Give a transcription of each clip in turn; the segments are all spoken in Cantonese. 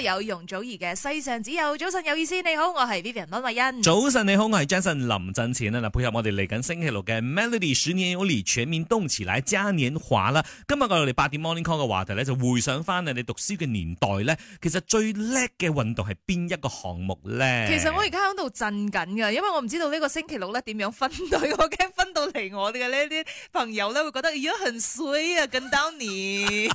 有容祖兒嘅《世上只有早晨有意思》，你好，我係 Vivian 溫慧欣。早晨你好，我係 Jason 林振前啦。嗱，配合我哋嚟緊星期六嘅 Melody Shiny Only 全面冬詞奶嘉年華啦。今日我哋八點 Morning Call 嘅話題咧，就回想翻啊，你讀書嘅年代咧，其實最叻嘅運動係邊一個項目咧？其實我而家喺度震緊噶，因為我唔知道呢個星期六咧點樣分隊，我驚分到嚟我哋嘅呢啲朋友咧會覺得，咦、哎，很水啊，咁多年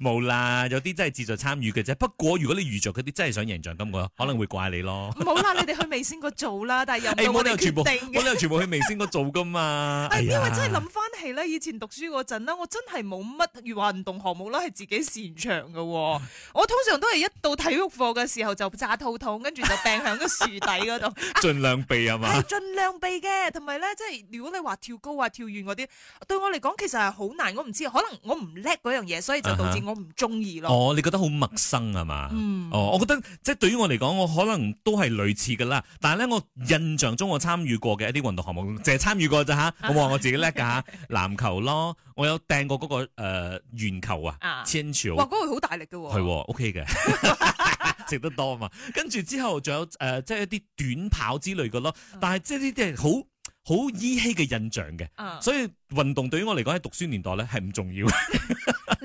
冇 啦，有啲真係自助參與嘅啫。不過如果你遇着嗰啲真係想形象金嘅，可能會怪你咯。冇啦，你哋去微星嗰做啦，但係有冇你決定？冇啦、欸，沒有沒有全部 全去微星嗰做噶嘛。是哎、呀因為真係諗翻起咧，以前讀書嗰陣咧，我真係冇乜與運動項目啦，係自己擅長嘅。 我通常都係一到體育課嘅時候就炸肚痛，跟住就掟喺個樹底嗰度。儘、啊、 量避係嘛？盡量避嘅，同埋咧，即、就、係、是、如果你話跳高啊、跳遠嗰啲，對我嚟講其實係好難。我唔知，可能我唔叻嗰樣嘢，所以就導致我唔中意咯。哦、uh，huh. oh, 你覺得好陌生係嘛？哦，我覺得即係對於我嚟講，我可能都係類似嘅啦。但係咧，我印象中我參與過嘅一啲運動項目，淨係參與過咋吓？啊、 我話我自己叻㗎吓，籃、啊、球咯，我有掟過嗰、那個誒、呃、鉛球啊，啊千 h 秋 a 哇，嗰、那個好大力㗎喎、啊。係喎、哦、OK 嘅，食 得多嘛。跟住之後仲有誒、呃，即係一啲短跑之類嘅咯。但係即係呢啲係好好依稀嘅印象嘅。啊、所以運動對於我嚟講喺讀書年代咧係唔重要。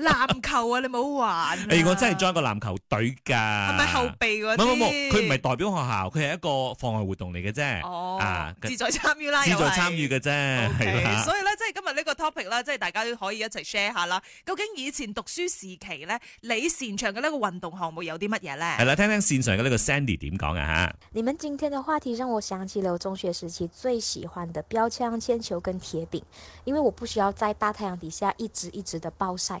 籃球啊，你冇玩、啊？誒、欸，我真係裝個籃球隊㗎。係咪 後備嗰啲？唔唔唔，佢唔係代表學校，佢係一個課外活動嚟嘅啫。哦，啊、志在參與啦，志在參與嘅啫。係所以咧，即係今日呢個 topic 啦，即係大家都可以一齊 share 下啦。究竟以前讀書時期咧，你擅長嘅呢個運動項目有啲乜嘢咧？係啦，聽聽線上嘅呢個 Sandy 點講啊吓，你們今天嘅話題讓我想起了我中學時期最喜歡的標槍、鉛球跟鐵餅，因為我不需要在大太陽底下一直一直的暴曬。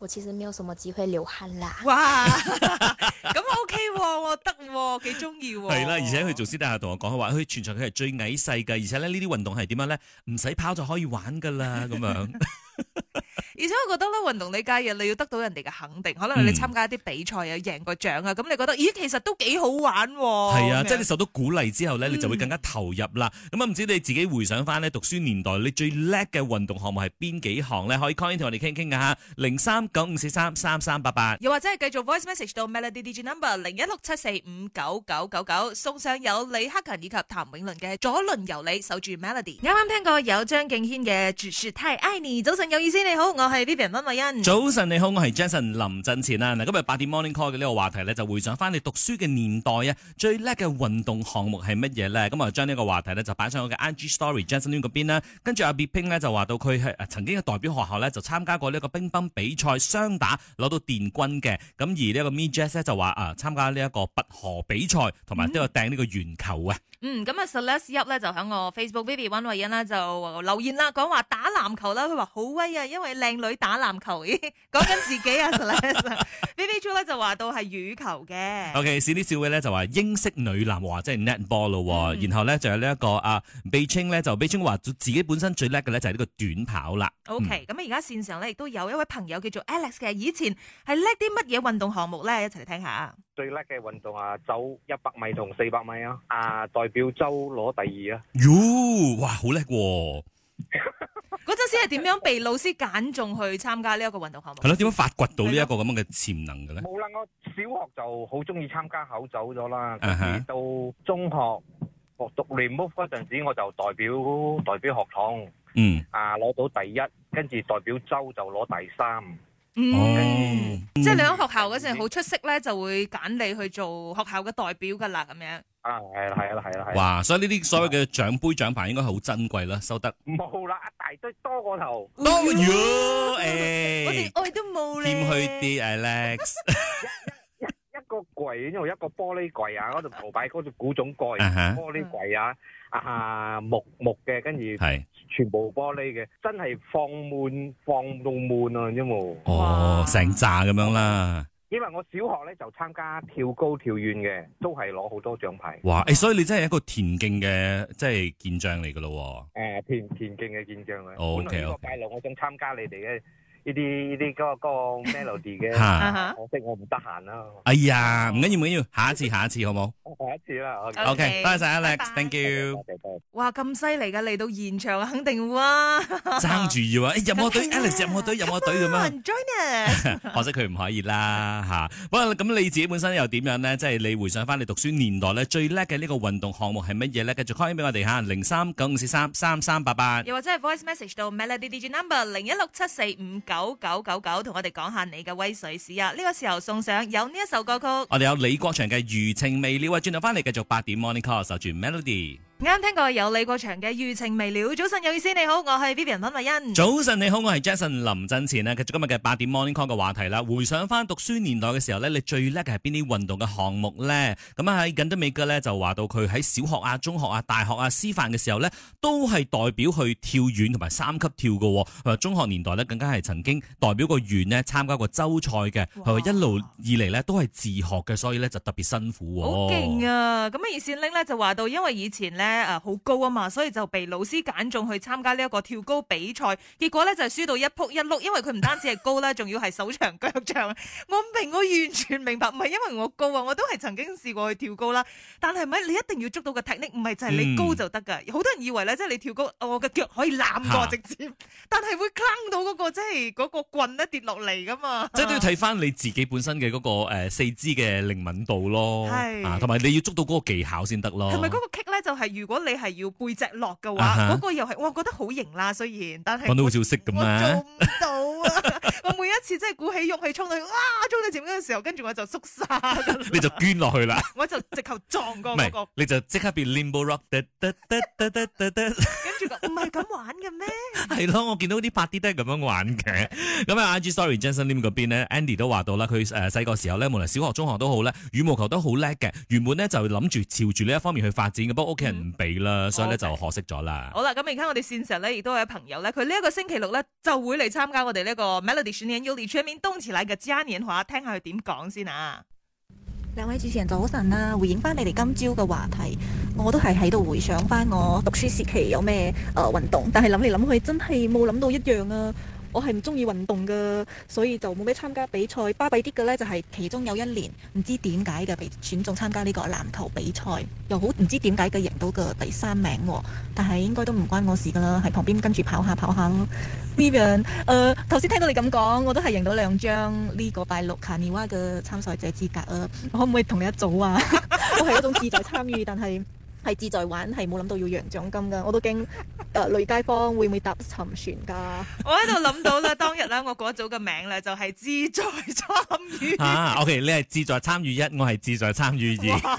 我其實沒有什麼機會流汗啦。哇，咁 OK 喎、哦，得，幾中意喎。係啦、哦，而且佢做私底下同我講，佢話佢全場佢係最矮細㗎，而且咧呢啲運動係點樣咧？唔使跑就可以玩噶啦，咁樣。 而且我覺得咧，運動呢家嘢，你要得到人哋嘅肯定。可能你參加一啲比賽啊，贏個獎啊，咁你覺得咦，其實都幾好玩喎。係啊，即係你受到鼓勵之後咧，你就會更加投入啦。咁啊，唔知你自己回想翻咧，讀書年代你最叻嘅運動項目係邊幾項咧？可以 call in 同我哋傾傾㗎嚇，零三九五四三三三八八。又或者係繼續 voice message 到 melody DJ number 零一六七四五九九九九，送上有李克勤以及譚詠麟嘅左輪由你守住 melody。啱啱聽過有張敬軒嘅《只是太愛你》。早晨有意思，你好我。我係 B B 溫慧欣。早晨，你好，我係 j a s o n 林振前啊！嗱，今日八點 Morning Call 嘅呢個話題咧，就回想翻你讀書嘅年代啊，最叻嘅運動項目係乜嘢咧？咁啊，將呢個話題咧就擺上我嘅 I G s t o r y j a s o n 嗰邊啦。跟住阿 B i Ping 咧就話到佢係曾經嘅代表學校咧，就參加過呢個乒乓比賽、雙打攞到殿軍嘅。咁而呢個 Me Jace 咧就話啊，參加呢一個拔河比賽，同埋都有掟呢個圓球啊。Hmm. 嗯，咁啊、mm，實 last 咧就響我 Facebook B B 溫慧欣咧就留言啦，講話打籃球啦，佢話好威啊，因為靚。女打籃球咦，講 緊自己啊。 v V J 咧就話到係羽球嘅。O K，史蒂少嘅咧就話英式女籃，話、就、即、是、係 netball 咯。嗯、然後咧就有呢、這、一個啊，Beijing 咧就 Beijing 話自己本身最叻嘅咧就係呢個短跑啦。O K，咁而家線上咧亦都有一位朋友叫做 Alex 嘅，以前係叻啲乜嘢運動項目咧？一齊嚟聽下最叻嘅運動啊，走一百米同四百米啊！啊，代表周攞第二啊！喲，哇，好叻喎！ 嗰陣時係點樣被老師揀中去參加呢一個運動項目？係咯，點樣發掘到呢一個咁樣嘅潛能嘅咧？冇啦，我小學就好中意參加考走咗啦，uh huh. 到中學學讀聯盟嗰陣時，我就代表代表學堂，嗯啊攞到第一，跟住代表州就攞第三，嗯，oh. 即係你喺學校嗰時好出色咧，就會揀你去做學校嘅代表噶啦，咁樣。啊，係啦，係啦，係啦，係。哇，所以呢啲所有嘅獎盃獎牌應該好珍貴啦，收得。冇啦，一大堆多過頭。多咗，誒，我哋愛都冇咧。謙虛啲，Alex。一一個櫃，因為一個玻璃櫃啊，嗰度陶擺嗰種古董櫃，玻璃櫃啊，啊木木嘅，跟住全部玻璃嘅，真係放滿，放到滿啊，因為哦成紮咁樣啦。因為我小學咧就參加跳高跳遠嘅，都係攞好多獎牌。哇！誒，所以你真係一個田徑嘅即係健將嚟噶咯。誒，田田徑嘅健將啊。O、oh, 呢 okay ,、okay. 本來個拜六我想參加你哋嘅。呢啲呢啲嗰個嗰個 melody 嘅，可惜我唔得閒啦。哎呀，唔緊要唔緊要，下一次下一次好冇？下一次啦，OK，多謝 Alex，Thank you。哇，咁犀利噶，嚟到現場肯定哇，爭住要啊！入我隊，Alex 入我隊，入我隊咁樣。Join，可惜佢唔可以啦，吓。不過咁你自己本身又點樣咧？即係你回想翻你讀書年代咧，最叻嘅呢個運動項目係乜嘢咧？繼續開俾我哋吓，零三九五四三三三八八。又或者係 voice message 到 melody DJ number 零一六七四五。九九九九，同我哋講下你嘅威水史啊！呢個時候送上有呢一首歌曲，我哋有李國祥嘅《餘情未了》啊！轉頭翻嚟繼續八點 Morning Call，守住 Melody。啱聽過有李國祥嘅《餘情未了》。早晨有意思，你好，我係 Vivian 林慧欣。早晨你好，我係 Jason 林振前咧。繼續今日嘅八點 Morning Call 嘅話題啦。回想翻讀書年代嘅時候咧，你最叻係邊啲運動嘅項目咧？咁啊喺緊德美哥咧就話到佢喺小學啊、中學啊、大學啊、師範嘅時候咧，都係代表去跳遠同埋三級跳嘅、哦。誒，中學年代咧更加係曾經代表個院呢參加過州賽嘅。係啊哇，一路以嚟咧都係自學嘅，所以咧就特別辛苦、哦。好勁啊！咁啊，葉善拎咧就話到，因為以前咧。誒好、啊、高啊嘛，所以就被老師揀中去參加呢一個跳高比賽，結果咧就係、是、輸到一扑一碌，因為佢唔單止係高啦，仲 要係手長腳長。我明，我完全明白，唔係因為我高啊，我都係曾經試過去跳高啦、啊。但係咪你一定要捉到個技巧呢？唔係就係你高就得噶。好、嗯、多人以為咧，即、就、係、是、你跳高，我嘅腳可以攬過直接，啊、但係會掹到嗰、那個即係嗰個棍咧跌落嚟噶嘛。即係都要睇翻你自己本身嘅嗰、那個誒四肢嘅靈敏度咯，同埋是、啊、你要捉到嗰個技巧先得咯是是。係咪嗰個棘 i 咧就係、是？如果你係要背脊落嘅話，嗰、uh huh. 個又係，我覺得好型啦。雖然，但係講到好似識咁啊！我做唔到啊！ 我每一次真係鼓起勇氣衝到去，哇！衝到前面嗰陣時候，跟住我就縮沙，你就捐落去啦！我就直頭撞過嗰個，你就即刻變 limbo rock。唔係咁玩嘅咩？係咯， 我見到啲拍啲都係咁樣玩嘅。咁喺 IG Sorry Janson Lim 嗰邊咧，Andy 都話到啦，佢誒細個時候咧，無論小學中學都好咧，羽毛球都好叻嘅。原本咧就諗住朝住呢一方面去發展嘅，不過屋企人唔俾啦，嗯、所以咧就可惜咗啦。Okay. 好啦，咁而家我哋現實咧，亦都有朋友咧，佢呢一個星期六咧就會嚟參加我哋呢個 Melody Shining Yuli Changmi 冬池奶嘅嘉年華，聽下佢點講先啊！兩位主持人早晨啦，啊，回應返你哋今朝嘅話題，我都係喺度回想返我讀書時期有咩誒運動，但係諗嚟諗去真係冇諗到一樣啊！我係唔中意運動嘅，所以就冇咩參加比賽。巴閉啲嘅咧，就係、是、其中有一年唔知點解嘅被選中參加呢個籃球比賽，又好唔知點解嘅贏到個第三名喎、哦。但係應該都唔關我事㗎啦，喺旁邊跟住跑下跑下咯。Leon，誒頭先聽到你咁講，我都係贏到兩張呢個拜六卡尼娃嘅參賽者資格啊！我可唔可以同你一組啊？都 係 一種自在參與，但係。係志在玩，係冇諗到要贏獎金噶，我都驚誒，女、呃、街坊會唔會搭沉船噶？ 我喺度諗到啦，當日咧，我嗰組嘅名咧就係、是、志在參與。啊，OK，你係志在參與一，我係志在參與二。哇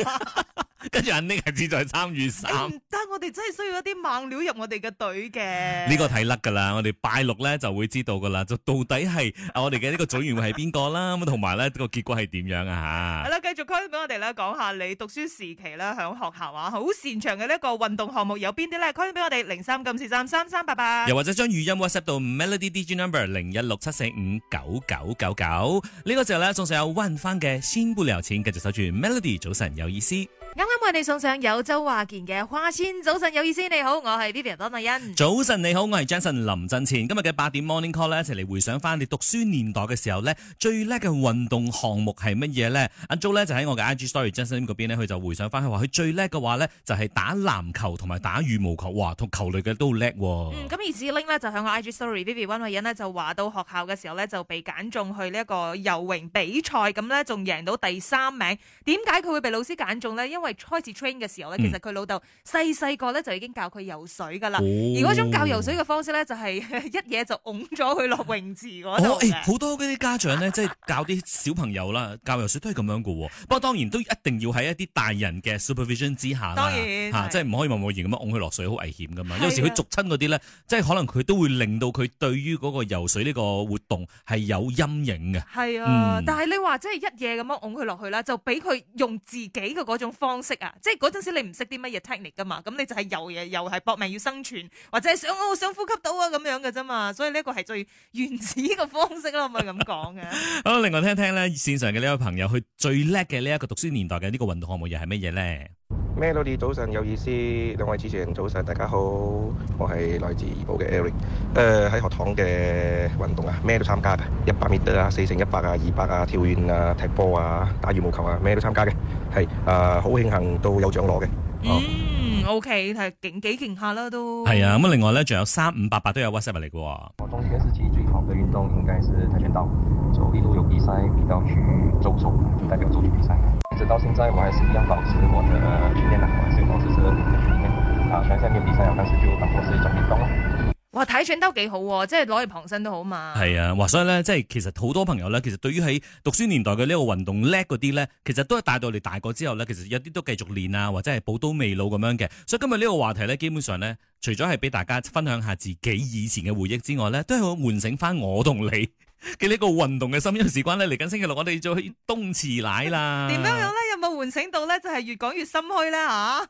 跟住，呢日志在參與。得、欸、我哋真係需要一啲猛料入我哋嘅隊嘅呢個睇甩噶啦。我哋拜六咧就會知道噶啦，就到底係我哋嘅呢個組員會係邊個啦。咁同埋咧呢個結果係點樣啊？吓係啦，繼續開俾我哋咧講下你讀書時期咧響學校話好擅長嘅呢一個運動項目有邊啲咧？開俾我哋零三九四三三三，八八，又或者將語音 whatsapp 到 melody d j number 零一六七四五九九九九呢個時候咧仲上有 one 番嘅先不療程，繼續守住 melody 早晨有意思。啱啱為你送上有周華健嘅《花千》，早晨有意思，你好，我係 Vivian 温慧欣。早晨你好，我係 Justin 林振前。今日嘅八點 Morning Call 咧，一齊嚟回想翻你讀書年代嘅時候呢，最叻嘅運動項目係乜嘢呢？阿 Jo 咧就喺我嘅 IG Story Justin 嗰邊呢，佢、hmm. 就回想翻，佢話佢最叻嘅話呢，就係、是、打籃球同埋打羽毛球，哇，同球類嘅都叻、哦。嗯，咁而至於 Link 咧就喺我 IG Story Vivian 温慧欣呢，就話到學校嘅時候呢，就被揀中去呢一個游泳比賽，咁呢，仲贏到第三名。點解佢會被老師揀中呢？因為開始 train 嘅時候咧，其實佢老豆細細個咧，就已經教佢游水噶啦。哦、而嗰種教游水嘅方式咧，就係一嘢就擁咗佢落泳池嗰度。哦、欸、好多嗰啲家長咧， 即係教啲小朋友啦，教游水都係咁樣噶。不過當然都一定要喺一啲大人嘅 supervision 之下啦，當然，啊、是即係唔可以貿貿然咁樣擁佢落水，好危險噶嘛。有時佢逐親嗰啲咧，即係可能佢都會令到佢對於嗰個游水呢個活動係有陰影嘅。係啊，嗯、但係你話即係一嘢咁樣擁佢落去啦，就俾佢用自己嘅嗰種方方式啊，即係嗰陣時你唔識啲乜嘢 technic 噶嘛咁你就係游嘢，又係搏命要生存，或者係想我、哦、想呼吸到啊，咁樣嘅啫嘛，所以呢一個係最原始嘅方式啦，咪咁講嘅。 好，另外聽聽咧線上嘅呢位朋友，佢最叻嘅呢一個讀書年代嘅呢個運動項目又係乜嘢咧？Melody，早晨有意思，兩位主持人早晨，大家好，我係來自怡寶嘅 Eric。誒，喺學堂嘅運動啊，咩都參加嘅，一百米啊，四乘一百啊，二百啊，跳遠啊，踢波啊，打羽毛球啊，咩都參加嘅，係啊，好慶幸都有獎攞嘅。嗯，OK，係勁幾勁下啦都。係啊，咁啊，另外咧，仲有三五八八都有 WhatsApp 嚟嘅。我中學時期最好嘅運動應該是跆拳道。就一路有比賽，比到去中上，就代表中上比賽。直到現在我我我我我我、啊，我還是一樣保持我的訓練啦。雖然我只是啊，全香港冇比賽啦，但是就當作是一種運動啦。哇，跆拳道幾好喎，即係攞嚟旁身都好嘛。係啊，哇！所以咧，即係其實好多朋友咧，其實對於喺讀書年代嘅呢個運動叻嗰啲咧，其實都係帶到嚟大個之後咧，其實有啲都繼續練啊，或者係寶刀未老咁樣嘅。所以今日呢個話題咧，基本上咧，除咗係俾大家分享下自己以前嘅回憶之外咧，都係喚醒翻我同你，嘅呢個運動嘅心時關咧，嚟緊星期六我哋再去東池奶啦。點樣樣咧？有冇喚醒到咧？就係越講越心虛咧吓。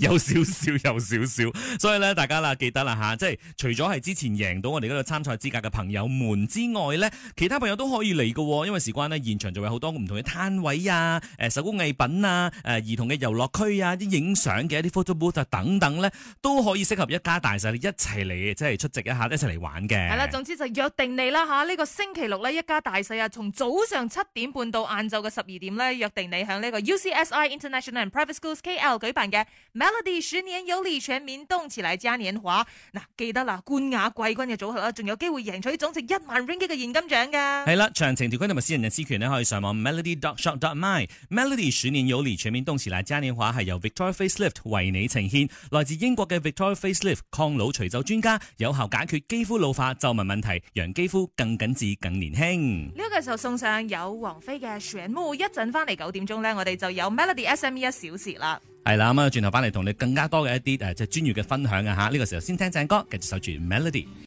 有少少，有少少。所以咧，大家啦，記得啦吓，即係除咗係之前贏到我哋嗰個參賽資格嘅朋友們之外咧，其他朋友都可以嚟噶。因為時關咧，現場仲有好多唔同嘅攤位啊，誒，手工藝品啊，誒，兒童嘅遊樂區啊，啲影相嘅一啲 photo booth 啊，等等咧，都可以適合一家大細一齊嚟，即係出席一下，一齊嚟玩嘅。係啦，總之就約定你啦吓。呢個星期六咧，一家大細啊，從早上七點半到晏晝嘅十二點咧，約定你喺呢個 U C S I International and Private Schools K L 舉辦嘅 Melody 鼠年有利全面動起來嘉年華。嗱、啊，記得啦，冠亞季軍嘅組合啦、啊，仲有機會贏取總值一萬 ringgit 嘅現金獎噶。係啦，詳情條規同埋私人隱私權咧，可以上網 Melody dot shop dot my。Melody 鼠年有利全面動起來嘉年華係由 Victoria Facelift 為你呈現，來自英國嘅 Victoria Facelift 抗老除皺專家，有效解決肌膚老化、皺紋問，問題，讓肌膚更緊致更年輕，呢個時候送上由王菲嘅《旋木》，一陣翻嚟九點鐘呢，我哋就有 Melody S M E 一小時啦。係啦，咁啊，轉頭翻嚟同你更加多嘅一啲誒，即係專業嘅分享啊！吓，呢個時候先聽正歌，繼續守住 Melody。